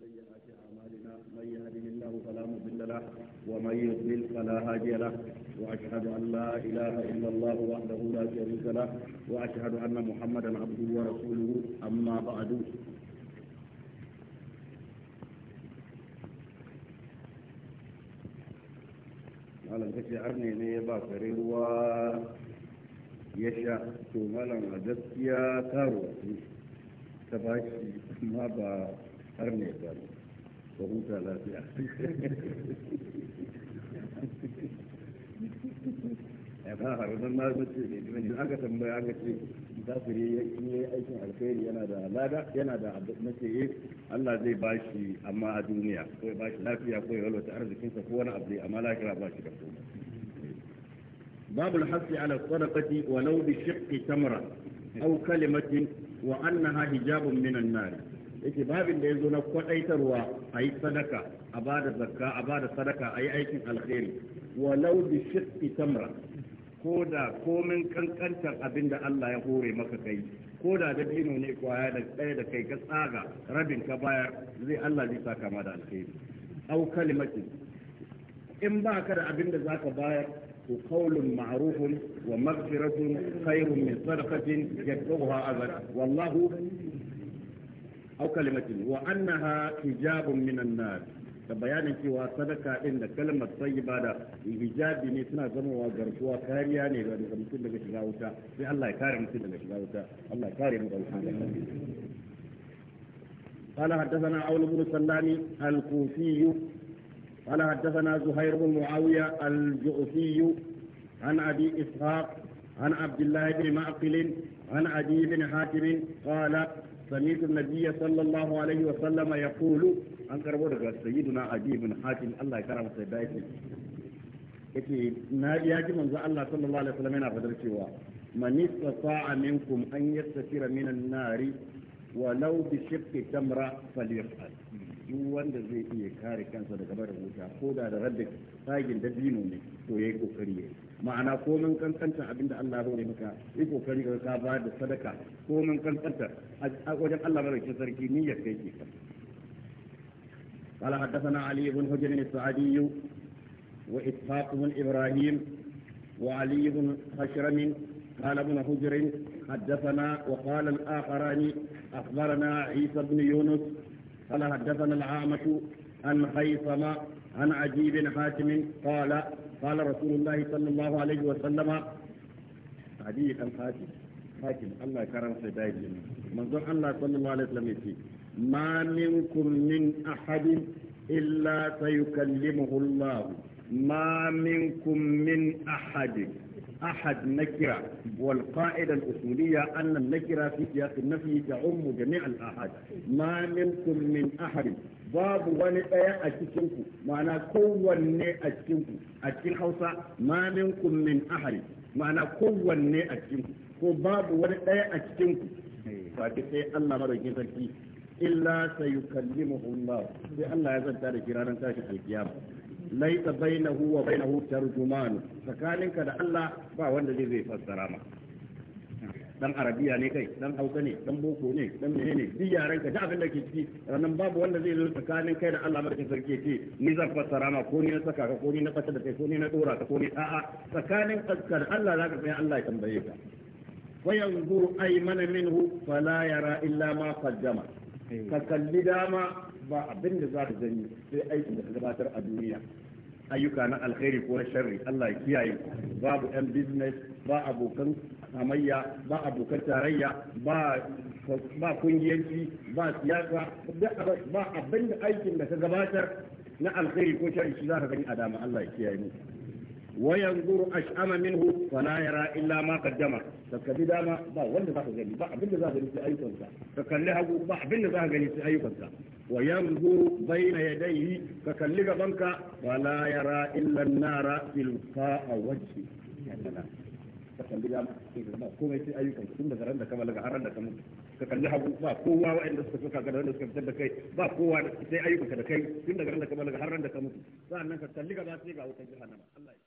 سيئات أعمالنا من يهده الله فلا مضل له ومن يضلل فلا هادي له وأشهد أن لا إله إلا الله وحده لا شريك له وأشهد أن محمدا عبده ورسوله أما بعد malam kace arne ne ya ba kare ruwa ya sha to malam a gaskiya karuwa ta ba shi amma ba أرمي أتاني فروتا هذا ما باب الحث على الصدقة ولو بشق تمرة أو كلمة وأنها حجاب من النار yake babin da ya zo na kwadaitarwa a yi sadaka a ba da zakka a ba da sadaka a yi aikin alkhairi walau bi shiqqi tamra ko da komin kankantar abin da Allah ya hore maka kai ko da da dino ne kwaya da tsaye da kai ka tsaga rabin ka bayar zai Allah zai saka ma da alkhairi au kalimatin in ba ka da abin da zaka bayar to qawlun ma'rufun wa maghfiratun khairun min sadaqatin yatba'uha adha wallahu أو كلمة وأنها حجاب من النار da bayanin cewa sadaka din da kalmar tayyiba da hijabi ne suna zamowa garkuwa kariya ne ga mutum daga shiga wuta sai Allah ya kare mutum daga shiga wuta Allah ya kare mu daga wuta قال حدثنا عون بن سلام الكوفي قال حدثنا زهير بن معاوية الجؤفي عن أبي إسحاق عن عبد الله بن معقل عن عدي بن حاتم قال سمعت النبي صلى الله عليه وسلم يقول عن كربون سيدنا عدي بن حاتم الله يكرم سيدنا yake na ya ji manzo Allah sallallahu alaihi wasallam yana fadar cewa man istata'a minkum an yastafira minan nari ولو بشق تمرة فليقبل جوان زي ايه كاري كان صدق كبار الوشا خودا ده غدك تاجن ده دينو ني تو يكو كريه معنى قومن كان كانت عبين ده الله روني بكا يكو كريه كابا ده صدقا قومن كان كانت قال حدثنا علي بن حجر السعدي وإسحاق بن إبراهيم وعلي بن حشرم قال ابن حجر حدثنا وقال الآخران أخبرنا عيسى بن يونس قال حدثنا العامة عن هيثم عن عجيب حاتم قال قال رسول الله صلى الله عليه وسلم عجيب حاتم حاتم الله كرم سيداي منظور الله صلى الله عليه وسلم يقول ما منكم من أحد إلا سيكلمه الله ما منكم من أحد أحد نكرة والقاعدة الأصولية أن النكرة في سياق النفي تعم جميع الآحاد ما منكم من أحد باب ونئة أتكنكم معنى كون أتكنكم أتكن حوصة ما منكم من أحد ma'ana kowanne a cikin ko babu wani ɗaya a cikin ku fati sai Allah madaukin sarki illa sayukallimuhu Allah sai Allah ya zanta da kiranan tashi alkiyama laisa bainahu wa bainahu tarjuman tsakaninka da Allah ba wanda zai zai fassara ma dan arabiya ne kai dan hausa ne dan boko ne dan menene duk yaranka da abin da ke ciki ranan babu wanda zai zo tsakanin kai da Allah madaukakin sarki ce ni zan fassara ma ko ni na saka ka ko ni na fata da kai ko ni na dora ka ko ni a'a tsakanin ka da Allah zaka tsaya Allah ya tambaye ka wa yanzuru aymana minhu fala yara illa ma qaddama ka kalli dama ba abin da za ka gani sai aikin da ka gabatar a duniya ayyuka na alkhairi ko na sharri Allah ya kiyaye babu ɗan business ba abokan amayya ba abokan tarayya ba ba kungiyanci ba siyasa ba abin da aikin da ka gabatar na alkhairi ko sharri shi za ka gani a dama Allah ya kiyaye mu وينظر أشأم منه فلا يرى إلا ما قدمه فكذي داما با وين ذاك غني با أبن ذاك غني في أي كنسا فكله با أبن ذاك غني في أي كنسا وينظر بين يديه فكله بنك فلا يرى إلا النار تلقاء وجهه ka kalli ga ba komai sai ayyukan tun daga ran da ka balaga har da ka mutu ka kalli hagu ba kowa waɗanda suka suka ga da suka fitar da kai ba kowa sai ayyukan da kai tun daga ran da ka da ka mutu ka sai